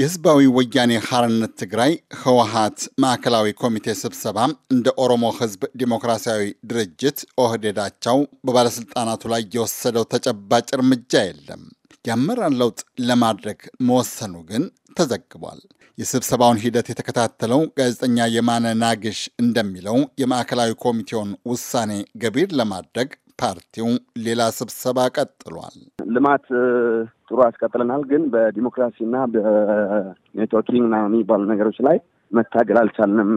የህዝባዊ ወያኔ ሐርነት ትግራይ ህወሀት ማዕከላዊ ኮሚቴ ስብሰባ እንደ ኦሮሞ ህዝብ ዲሞክራሲያዊ ድርጅት ኦህዴዳቸው በባለሥልጣናቱ ላይ የወሰደው ተጨባጭ እርምጃ የለም። የአመራር ለውጥ ለማድረግ መወሰኑ ግን ተዘግቧል። የስብሰባውን ሂደት የተከታተለው ጋዜጠኛ የማነ ናግሽ እንደሚለው የማዕከላዊ ኮሚቴውን ውሳኔ ገቢር ለማድረግ ፓርቲው ሌላ ስብሰባ ቀጥሏል። ልማት ጥሩ አስቀጥለናል፣ ግን በዲሞክራሲና ና የሚባሉ ነገሮች ላይ መታገል አልቻልንም።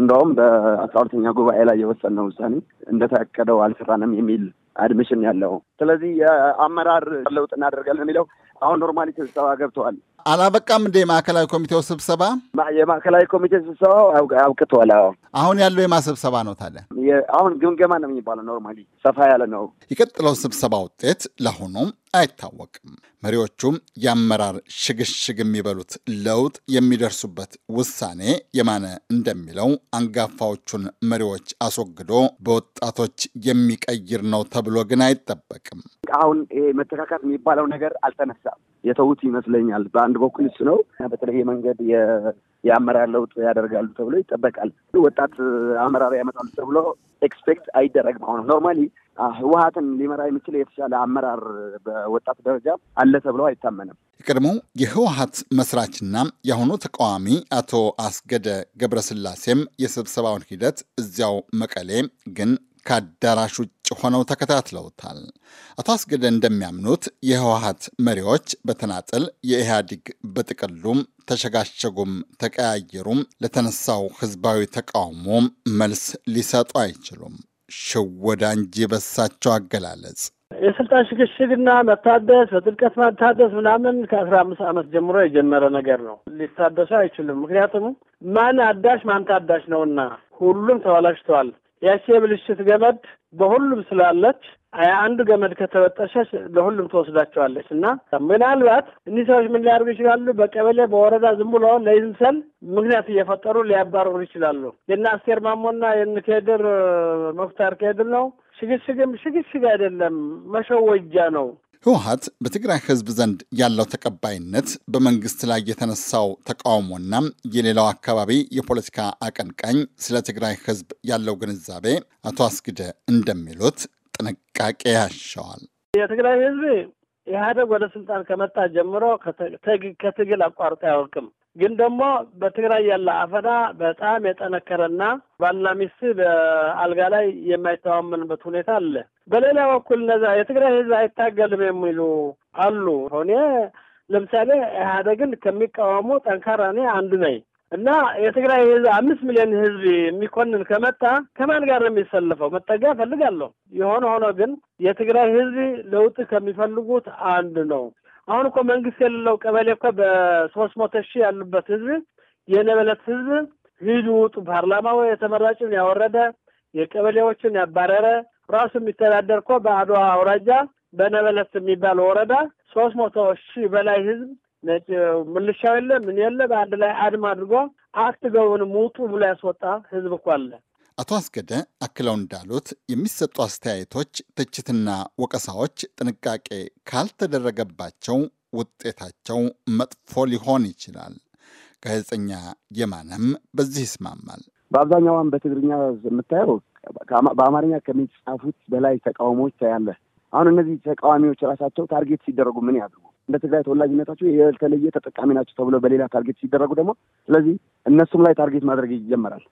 እንደውም በአስራ ሁለተኛ ጉባኤ ላይ የወሰነ ውሳኔ እንደታቀደው አልሰራንም የሚል አድሚሽን ያለው። ስለዚህ የአመራር ለውጥ እናደርጋለን የሚለው አሁን ኖርማሊቲ ስብሰባ ገብተዋል። አላበቃም እንደ የማዕከላዊ ኮሚቴው ስብሰባ የማዕከላዊ ኮሚቴ ስብሰባ አብቅተዋል። አሁን ያለው የማስብሰባ ነው። ታዲያ አሁን ግምገማ ነው የሚባለው። ኖርማሊ ሰፋ ያለ ነው። የቀጥለው ስብሰባ ውጤት ለአሁኑም አይታወቅም። መሪዎቹም የአመራር ሽግሽግ የሚበሉት ለውጥ የሚደርሱበት ውሳኔ የማነ እንደሚለው አንጋፋዎቹን መሪዎች አስወግዶ በወጣቶች የሚቀይር ነው ተብሎ ግን አይጠበቅም። አሁን መተካካት የሚባለው ነገር አልተነሳም። የተዉት ይመስለኛል። በአንድ በኩል እሱ ነው። በተለይ መንገድ የአመራር ለውጥ ያደርጋሉ ተብሎ ይጠበቃል። ወጣት አመራር ያመጣሉ ተብሎ ኤክስፔክት አይደረግም። አሁን ኖርማሊ ህወሀትን ሊመራ የሚችል የተሻለ አመራር በወጣት ደረጃ አለ ተብሎ አይታመንም። የቀድሞው የህወሀት መስራችና የአሁኑ ተቃዋሚ አቶ አስገደ ገብረስላሴም የስብሰባውን ሂደት እዚያው መቀሌ ግን ከአዳራሽ ውጭ ሆነው ተከታትለውታል። አቶ አስገደ እንደሚያምኑት የህወሀት መሪዎች በተናጥል የኢህአዲግ በጥቅሉም ተሸጋሸጉም ተቀያየሩም ለተነሳው ህዝባዊ ተቃውሞ መልስ ሊሰጡ አይችሉም። ሽወዳ እንጂ በሳቸው አገላለጽ የስልጣን ሽግሽግና መታደስ በጥልቀት መታደስ ምናምን ከአስራ አምስት ዓመት ጀምሮ የጀመረ ነገር ነው። ሊታደሱ አይችልም። ምክንያቱም ማን አዳሽ ማን ታዳሽ ነውና ሁሉም ተበላሽተዋል። ያቺ የብልሽት ገመድ በሁሉም ስላለች አንዱ ገመድ ከተበጠሸች ለሁሉም ትወስዳቸዋለች እና ምናልባት እኒህ ሰዎች ምን ሊያደርጉ ይችላሉ? በቀበሌ በወረዳ ዝም ብሎ ለይምሰል ምክንያት እየፈጠሩ ሊያባረሩ ይችላሉ። የነ አስቴር ማሞና የነ ኬድር መፍታር ኬድር ነው። ሽግሽግም ሽግሽግ አይደለም፣ መሸወጃ ነው። ህወሀት በትግራይ ህዝብ ዘንድ ያለው ተቀባይነት በመንግስት ላይ የተነሳው ተቃውሞና የሌላው አካባቢ የፖለቲካ አቀንቃኝ ስለ ትግራይ ህዝብ ያለው ግንዛቤ አቶ አስግደ እንደሚሉት ጥንቃቄ ያሻዋል። የትግራይ ህዝብ ኢህአደግ ወደ ስልጣን ከመጣ ጀምሮ ከትግል አቋርጦ አያውቅም። ግን ደግሞ በትግራይ ያለ አፈና በጣም የጠነከረና ባልና ሚስት በአልጋ ላይ የማይተማመንበት ሁኔታ አለ። በሌላ በኩል እነዛ የትግራይ ህዝብ አይታገልም የሚሉ አሉ። ሆኔ ለምሳሌ ኢህአደግን ከሚቃወሙ ጠንካራ እኔ አንዱ ነኝ። እና የትግራይ አምስት ሚሊዮን ህዝብ የሚኮንን ከመታ ከማን ጋር ነው የሚሰልፈው? መጠጋ እፈልጋለሁ። የሆነ ሆኖ ግን የትግራይ ህዝብ ለውጥ ከሚፈልጉት አንድ ነው። አሁን እኮ መንግስት የሌለው ቀበሌ እኮ በሶስት መቶ ሺህ ያሉበት ህዝብ የነበለት ህዝብ ሂዱ ውጡ፣ ፓርላማው የተመራጭን ያወረደ የቀበሌዎችን ያባረረ ራሱ የሚተዳደር እኮ በአድዋ አውራጃ በነበለት የሚባል ወረዳ ሶስት መቶ ሺህ በላይ ህዝብ ምልሻው የለ ምን የለ በአንድ ላይ አድም አድርጎ ገቡን ሙጡ ብሎ ያስወጣ ህዝብ እኮ አለ። አቶ አስገደ አክለው እንዳሉት የሚሰጡ አስተያየቶች፣ ትችትና ወቀሳዎች ጥንቃቄ ካልተደረገባቸው ውጤታቸው መጥፎ ሊሆን ይችላል። ጋዜጠኛ የማነም በዚህ ይስማማል። በአብዛኛዋን በትግርኛ የምታየው በአማርኛ ከሚጻፉት በላይ ተቃውሞዎች ታያለህ። አሁን እነዚህ ተቃዋሚዎች ራሳቸው ታርጌት ሲደረጉ ምን ያድርጉ? እንደ ትግራይ ተወላጅነታቸው የተለየ ተጠቃሚ ናቸው ተብሎ በሌላ ታርጌት ሲደረጉ ደግሞ ስለዚህ እነሱም ላይ ታርጌት ማድረግ ይጀመራል።